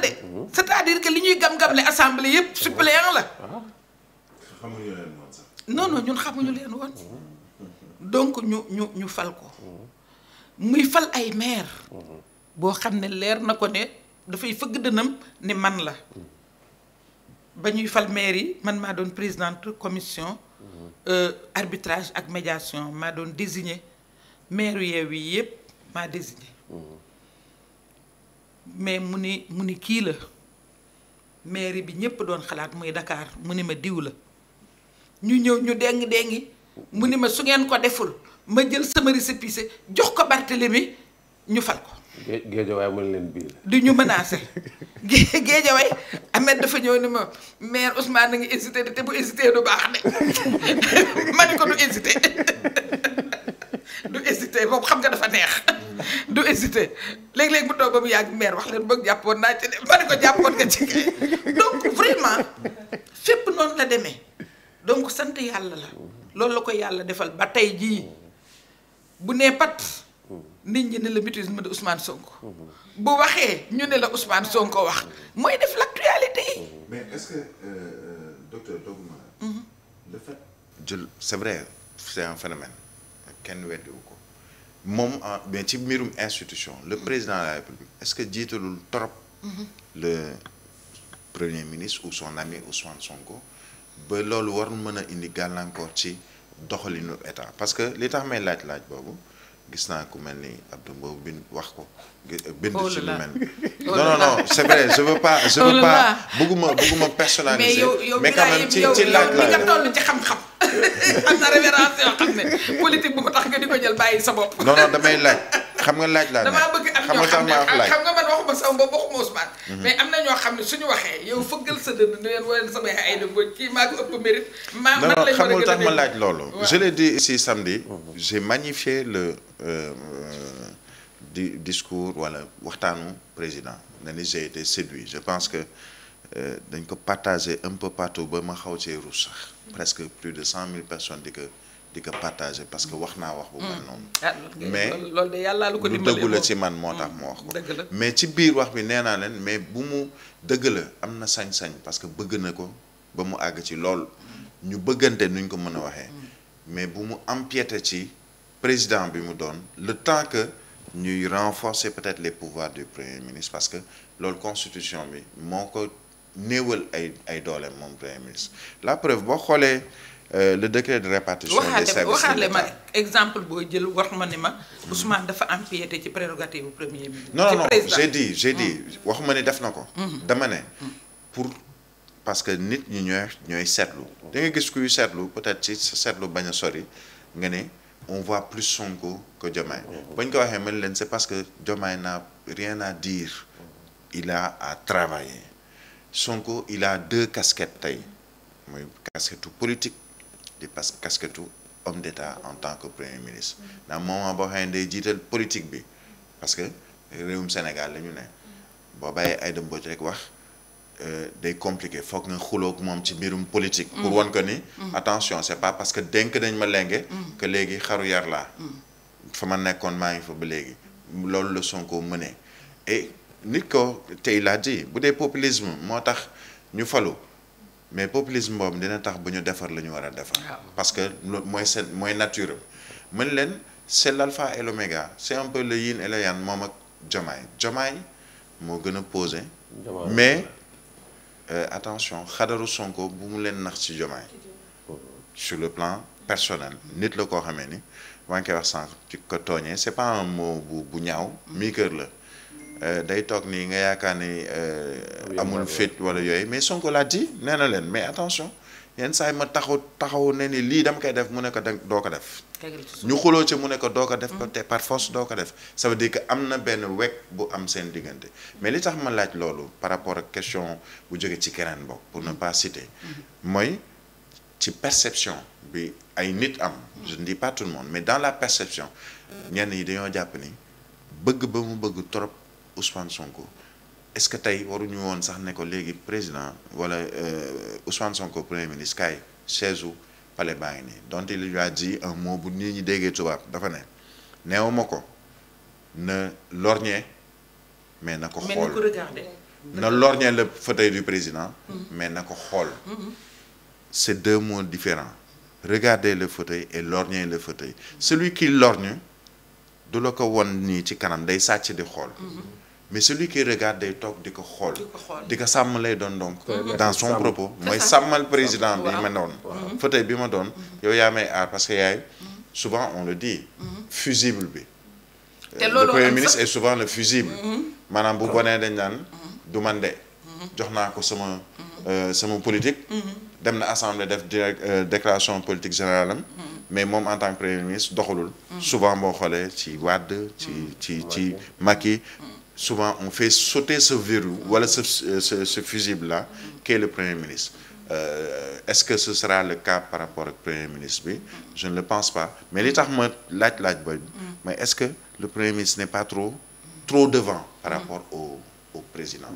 la de. c'est-à-dire que li ñuy gam-gamle assemblée yëpp suppléant la. xamuñu leen woon sax. ñun xamuñu leen woon. donc ñu ñu ñu fal ko. muy fal ay maire boo xam ne leer na ko ne dafay fëgg dënam ne man la. ba ñuy fal maire yi man maa doon présidente commission. Euh, arbitrage ak médiation maa doon désigné maire yeew yi yëpp maa désigné. mais mu ni mu ni kii la mairie bi ñëpp doon xalaat muy dakaar mu ni ma diw la ñu ñëw ñu déngi déngi mu ni ma su ngeen ko deful ma jël sama récépissé jox ko mi ñu fal ko. géejawaay mën leen bii du ñu menacé géejawaay Ahmed dafa ñëw ni ma maire Ousmane na ngi hésité te bu hésité du baax de ma ni ko du hésité. du hésité moom xam nga dafa neex du hésité léeg-léeg mu toog ba mu yàgg meer wax leen bëgg jàppoon naa ci de ma ne ko jàppoon nga ci donc vraiment fépp noonu la demee donc sant yàlla la loolu la ko yàlla defal ba tey jii bu nee pat nit ñi ne la mutisme de Ousmane Sonko. bu waxee ñu ne la Ousmane Sonko wax mooy def l'actualité. mais est que euh, euh, docteur Dogma. Mhm. le fait kenn weddiwu ko moom ci mbirum institution le mm-hmm. président la république est-ce que jiitalul trop mm-hmm. le premier ministre ou son ami Ousmane Sonko ba loolu war mën a indi gàllankoor ci doxalinu état parce que li tax may laaj laaj boobu gis naa ku mel ni Abdou Mbow bind wax ko. Euh, bind oh ci mel oh non non c'est vrai je veux pas je oh veux pas bëgguma bëgguma personnaliser. mais yow yow mais quand même nga toll ci xam-xam am na révérence yoo xam ne bàyyi sa bopp. non damay laaj xam nga laaj laa ne. damaa bëgg am ñoo xam ne xam nga man waxuma sama mhm. am na xam ne suñu waxee yow fëggal sa dënn ne leen wane sama ay dëngo kii maa ëpp mérite. maa man lañ war a gën a non non ma laaj loolu. je l'ai dit ici samedi. j'ai magnifié le euh, euh, di discours wala waxtaanu président na ni j'ai été séduit je pense que. Euh, dañ ko partager un peu partout ba ma xaw cee ruus sax mm. presque plus de cent mille personnes di que di ko partager parce que wax naa wax bu mel noonu. Mm. Ah, mais loolu de yàlla lu ko dimbalee lu dëggu la ci man moo tax mu wax ko. Mm, mais ci biir wax bi nee naa leen mais bu mu dëgg la am na sañ-sañ parce que bëgg na ko ba mu àgg ci lool ñu bëggante nuñ ko mën a waxee. Mm. mais bu mu am empiété ci président bi mu doon le temps que ñuy renforcer peut-être les pouvoirs du premier ministre parce que loolu constitution bi moo ko néewal ay dooleem moom premier ministre la preuve boo xoolee. Euh, le décret de répartition des services de ma exemple boo jël wax ma ni ma Ousmane dafa empiété ci prérogative bu premier ministre non non j'ai dit j'ai mm. wax ma ne def na ko mm-hmm. dama ne mm-hmm. pour parce que nit ñi ñooy ñooy seetlu da gis kuy seetlu peut-être ci seetlu bañ a sori nga ne on voit plus Sonko que Diomaye mm-hmm. bañ ko waxee mën leen c'est parce que Diomaye naa rien à dire il a à travailler Sonko il a deux casquettes tey mooy casquette politique di parce que casquette homme d'État en tant que premier ministre ndax moment boo xam ne day jiital politique bi parce que réewum Sénégal la ñu ne boo bàyyee Aïda Mbodj rek wax euh, day compliqué foog nga xuloog moom ci mbirum politique pour mm. wan ko ni mm. attention c'est pas parce que dénk nañ ma lenge mm. que léegi xaru yar laa fa ma nekkoon maa ngi fa ba léegi loolu la Sonko mënee et nit ko tey laa bu dee populisme moo tax ñu falu mais populisme mboom dina tax bu ñu defar la ñu war a defar. Ah. parce que mooy se mooy nature am mën leen c' est l' alpha et l' oméga c' est yin et le moom ak jomaay jomaay moo gën a posé. mais euh, attention xadaru Sonko bu mu leen nax ci jomaay. sur le plan personnel nit la koo xamee ni maa ngi koy wax sànq ci ko tooñee c' est pas un mot bu bu ñaaw mm-hmm. mii kër la. Euh, day toog nii nga yaakaar ni euh, amul fit wala yooyu mais Sonko laa di nee na leen mais attention yenn saa ma taxaw taxaw ne ni lii dama koy def mu ne ko dang doo ko def. ñu xuloo ci mu ne ko doo ko def. ko mm. te par force doo ko def. ça veut dire am na benn wekk bu am seen diggante mais li tax ma laaj loolu par rapport ak question bu jógee ci keneen bokk pour ne pas mm-hmm. mooy ci perception bi ay nit am. je ne pas tout le mais dans la perception mm. ñenn yi dañoo jàpp ni bëgg ba bëgg trop. Ousmane Sonko est-ce que tey waruñu woon sax ne ko léegi président wala euh, Ousmane Sonko premier ministre kaay chaise u palais baa ngi nii donc il lui a un mot bu nii ñu déggee tubaab dafa ne neewuma ko na lorgner mais na ko xool na lorgner le fauteuil du président mm-hmm. mais na ko xool mm-hmm. c'est deux mots différents regarder le fauteuil et lorgner le fauteuil celui qui lorgne du la ko won nii ci kanam day sàcc di xool mm-hmm. mais celui qui regarde day toog di ko xool di ko sàmm lay doon donc mhm. dans son propos mooy sàmmal président bi ma doon mhm. fauteuil bi ma doon mhm. yow yaa may aar parce que yaay souvent on le dit fusible bi le premier ministre est souvent le fusible maanaam bu bonee dañ naan du man de jox naa ko sama euh, sama politique dem na assemblée def euh, déclaration politique générale mais moom en tant que premier ministre doxalul souvent boo xoolee ci Wade ci ci ci souvent on fait sauter ce verrou wala ce euh, ce ce fusible là qu'est le premier ministre euh, est-ce que ce sera le cas par rapport ak premier ministre bi je ne le pense pas mais li tax ma laaj laaj ba mais est-ce que le premier ministre n'est pas trop trop devant par rapport au président.